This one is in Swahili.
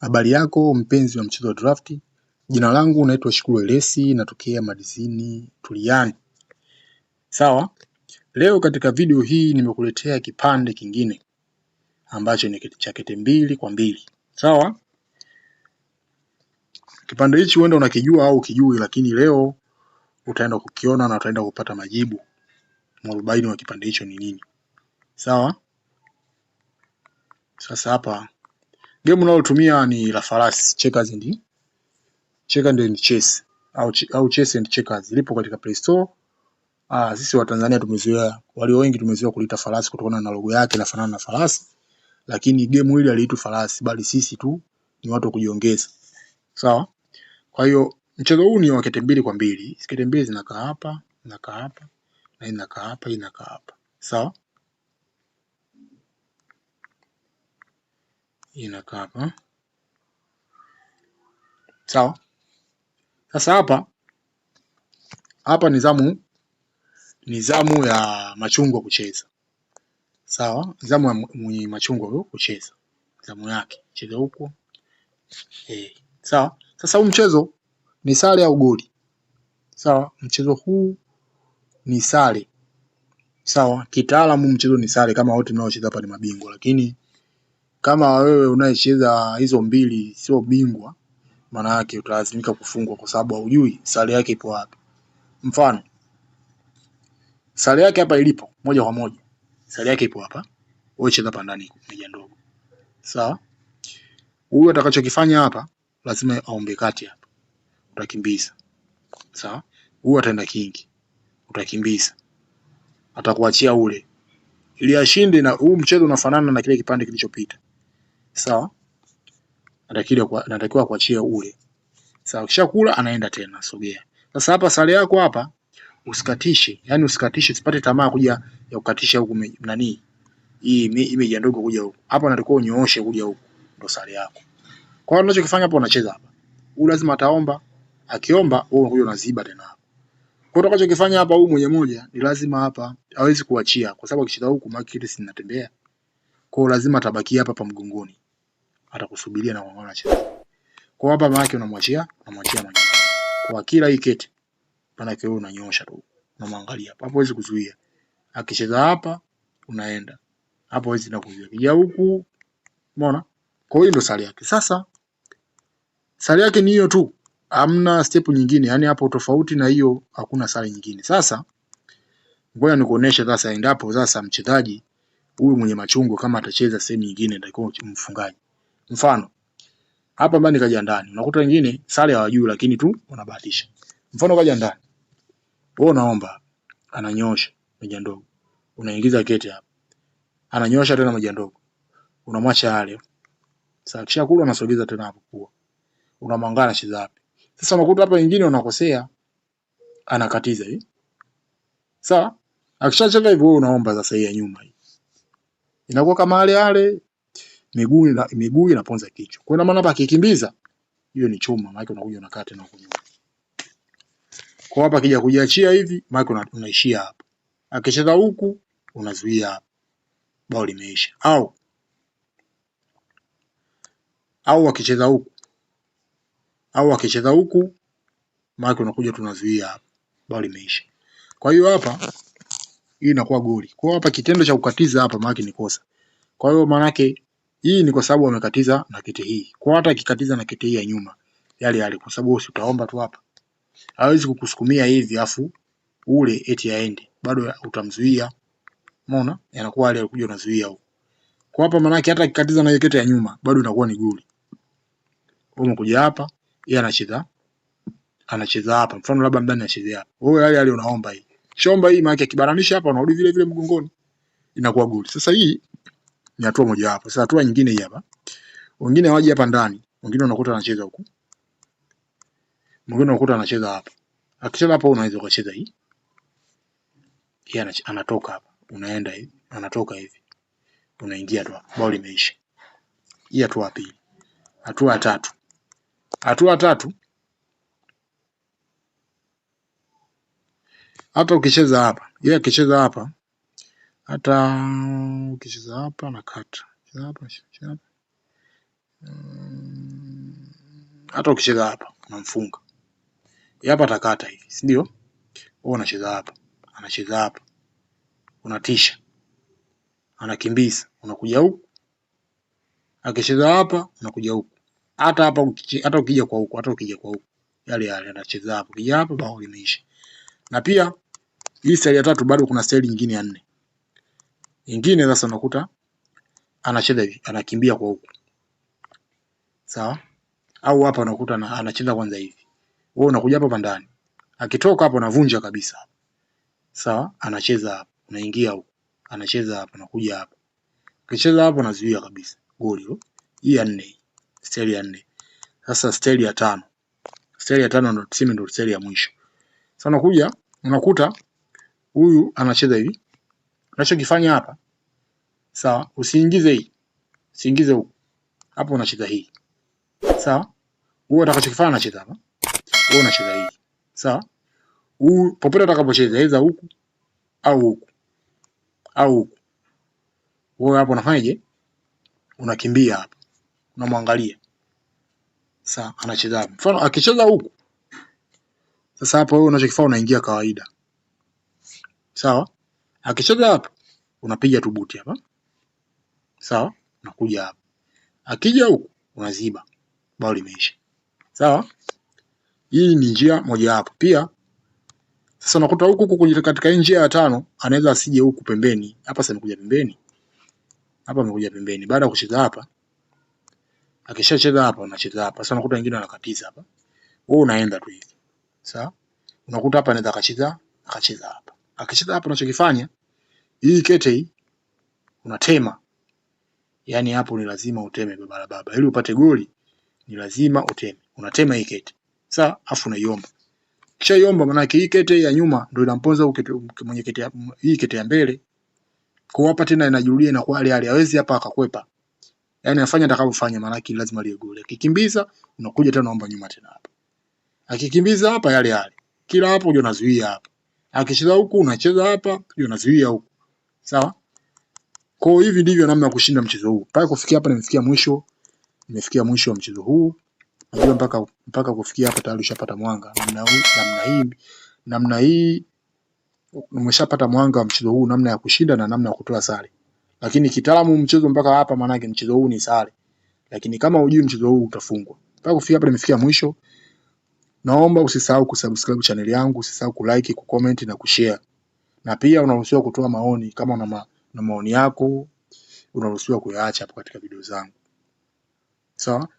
Habari yako mpenzi wa mchezo wa drafti, jina langu naitwa Shukuru Elesi, natokea Madizini Tuliani. Sawa, leo katika video hii nimekuletea kipande kingine ambacho ni cha kete mbili kwa mbili. Sawa, kipande hichi huenda unakijua au kijui, lakini leo utaenda kukiona na utaenda kupata majibu, mwarobaini wa kipande hicho ni nini. Sawa, sasa hapa Game unalotumia ni la farasi, checkers and checkers and chess au ch au chess and checkers, lipo katika Play Store. Ah, sisi wa Tanzania tumezoea, walio wengi tumezoea kulita farasi kutokana na logo yake inafanana na farasi, lakini game hili aliitwa farasi, bali sisi tu ni watu wa kujiongeza. Sawa? Kwa hiyo mchezo huu ni wa kete mbili kwa mbili. Kete mbili zinakaa hapa, zinakaa hapa na inakaa hapa, inakaa hapa. Sawa? inakaa hapa sawa. Sasa hapa hapa ni zamu ni zamu ya machungwa kucheza sawa, zamu ya mwenye machungwa huyo kucheza zamu yake, cheza huko eh, sawa. Sasa huu mchezo ni sare au goli sawa, mchezo huu ni sare sawa. Kitaalamu mchezo ni sare, kama wote mnaocheza hapa ni mabingwa, lakini kama wewe unayecheza hizo mbili sio bingwa, maana yake utalazimika kufungwa kwa sababu haujui sare yake ipo wapi. Mfano, sare yake hapa ilipo moja kwa moja, sare yake ipo hapa, wewe cheza hapa ndani meja ndogo, sawa? Huyu atakachokifanya hapa, lazima aombe kati hapa, utakimbiza, sawa? Huyu ataenda kingi, utakimbiza, atakuachia ule ili ashinde, na huu mchezo unafanana na kile kipande kilichopita. Sawa? Anatakiwa anatakiwa kuachia ule. Sawa, kisha kula anaenda tena, sogea. Sasa hapa sare yako hapa usikatishe, yani usikatishe, usipate tamaa kuja ya kukatisha huku nani? Hii imeja ndogo kuja huku. Hapa unatakiwa unyooshe kuja huku ndo sare yako. Kwa hiyo unachokifanya hapa unacheza hapa. Huyu lazima ataomba, akiomba wewe unakuja unaziba tena hapa. Kwa hiyo unachokifanya hapa huyu mwenye moja ni lazima hapa hawezi kuachia kwa sababu akicheza huku makili sinatembea. Kwa lazima atabaki hapa pa mgongoni. Atakusubiria na kuangalia anacheza. Kwa hapa maana yake unamwachia, unamwachia mwenyewe. Kwa kila hii kete maana yake wewe unanyosha tu. Unamwangalia hapo. Hapo huwezi kuzuia. Akicheza hapa unaenda. Hapo huwezi na kuzuia. Kija huku. Umeona? Kwa hiyo ndo sare yake. Sasa sare yake ni hiyo tu. Hamna step nyingine. Yaani hapo tofauti na hiyo hakuna sare nyingine. Sasa ngoja nikuoneshe sasa endapo sasa mchezaji huyu mwenye machungu kama atacheza sehemu nyingine atakuwa mfungaji. Mfano hapa mbani kaja ndani, unakuta wengine sare hawajui, lakini tu wanabahatisha. Mfano kaja ndani, wewe unaomba, ananyosha meja ndogo, unaingiza kete hapa, ananyosha tena meja ndogo, unamwacha yale sasa, kisha kule unasogeza tena hapo kwa, unamwangalia anacheza wapi. Sasa unakuta hapa wengine wanakosea, anakatiza hivi eh? sawa, akishacheka hivyo, wewe unaomba sasa hii ya nyuma inakuwa kama yale yale, miguu ina, miguu inaponza kichwa. Kwa maana hapa akikimbiza hiyo ni chuma, maana unakuja unakaa tena huko Kwa hapa akija kujiachia hivi, maana unaishia hapa. Akicheza huku unazuia hapa. Bao limeisha. Au au akicheza huku au akicheza huku maana unakuja tunazuia hapa. Bao limeisha. Kwa hiyo hapa hii inakuwa goli. Kwa hiyo hapa kitendo cha kukatiza hapa maana ni kosa. Kwa hiyo maana yake hii ni kwa sababu amekatiza na naketi hii. Kwa hata akikatiza na naketi hii ya nyuma yale yale, kwa sababu utaomba tu hapa. Hawezi kukusukumia hivi afu ule eti aende. Bado utamzuia. Umeona? Yanakuwa yale alikuja unazuia huko. Kwa hapa maana yake hata akikatiza na naketi ya nyuma bado inakuwa ni goli. Umekuja hapa, yeye anacheza anacheza hapa. Mfano labda mdani anachezea. Wewe yale yale unaomba hii chomba hii maana kibananisha hapa unarudi vile vile mgongoni. Inakuwa goli. Sasa hii ni hatua moja hapo. Sasa hatua nyingine hii hapa. Wengine waje hapa ndani, wengine unakuta anacheza huku. Mwingine unakuta anacheza hapa. Akicheza hapa unaweza kucheza hii. Hii anatoka hapa. Unaenda hivi, anatoka hivi. Unaingia tu. hapa. Bao limeisha. Hii hatua ya pili. Hatua ya tatu. Hatua ya tatu Hata ukicheza hapa, yeye akicheza hapa, hata ukicheza hapa na cut Cheza hapa, cheza hapa. Mm, Hata ukicheza hapa unamfunga. Yeye hapa atakata hivi, si ndio? Wewe unacheza hapa, anacheza hapa. Unatisha. Anakimbiza, unakuja huku. Akicheza hapa, unakuja huku. Hata hapa hata ukija kwa huku, hata ukija kwa huku. Yale yale anacheza hapo, kija hapo, bao limeisha na pia hii staili ya tatu bado kuna staili nyingine ya nne nyingine. Sasa unakuta anacheza hivi, anakimbia kwa huku, sawa? Au hapa unakuta anacheza kwanza hivi, wewe unakuja hapa ndani, akitoka hapo anavunja kabisa, sawa? Anacheza hapa, unaingia huku, anacheza hapa, unakuja hapa, akicheza hapo anazuia kabisa goli. Oh. Hii ya nne, staili ya nne. Sasa staili ya tano, staili ya tano ndio tuseme ndio staili ya mwisho. Sasa unakuja unakuta huyu anacheza hivi, unachokifanya hapa sawa, usiingize hii, usiingize huko, hapo unacheza hii sawa. Huyu atakachokifanya anacheza hapa, wewe unacheza hii sawa. Huyu popote atakapocheza, aidha huku au huku au huku, wewe hapo unafanyaje? Unakimbia hapa, unamwangalia sawa, anacheza hapa. Mfano akicheza huku sasa hapo wewe unachokifanya unaingia kawaida. Sawa? Akicheza hapo unapiga tu buti hapa. Sawa? Nakuja hapa. Akija huku unaziba. Bao limeisha. Sawa? Hii ni njia moja hapo. Pia sasa unakuta huku huku kwenye katika njia ya tano anaweza asije huku pembeni. Hapa sasa amekuja pembeni. Hapa amekuja pembeni. Baada ya kucheza hapa akishacheza hapa unacheza hapa. Sasa unakuta wengine wanakatiza hapa. Wewe unaenda tu hivi. Sawa? Unakuta hapa anaweza akacheza akacheza hapa. Akicheza hapa unachokifanya hii kete hii unatema. yani hapo ni lazima uteme baba la baba. Ili upate goli ni lazima uteme. Unatema hii kete. Sawa? Afu unaiomba. Kisha iomba maana hii kete ya nyuma ndio inamponza huko mwenye kete hii kete ya mbele. Kwa hapa tena inajirudia na kwa hali hali hawezi hapa akakwepa. yani afanye atakavyofanya maana lazima liwe kikimbiza unakuja tena unaomba nyuma tena hapa. Akikimbiza hapa yale yale. Kila hapo ndio unazuia hapa. Akicheza huku unacheza hapa, ndio unazuia huku. Sawa? Kwa hivi ndivyo namna ya kushinda mchezo huu. Mpaka kufikia hapa nimefikia mwisho. Nimefikia mwisho wa mchezo huu. Najua mpaka mpaka kufikia hapa tayari ushapata mwanga. Namna hii, namna hii, namna hii umeshapata mwanga wa mchezo huu, namna ya kushinda na namna ya kutoa sare. Lakini kitaalamu mchezo mpaka hapa, maanake mchezo huu ni sare. Lakini kama hujui mchezo huu utafungwa. Mpaka kufikia hapa nimefikia mwisho. Naomba usisahau kusubscribe chaneli yangu, usisahau kulike, kucomment na kushare. Na pia unaruhusiwa kutoa maoni kama una, ma, una maoni yako unaruhusiwa kuyaacha hapo katika video zangu. Sawa? So,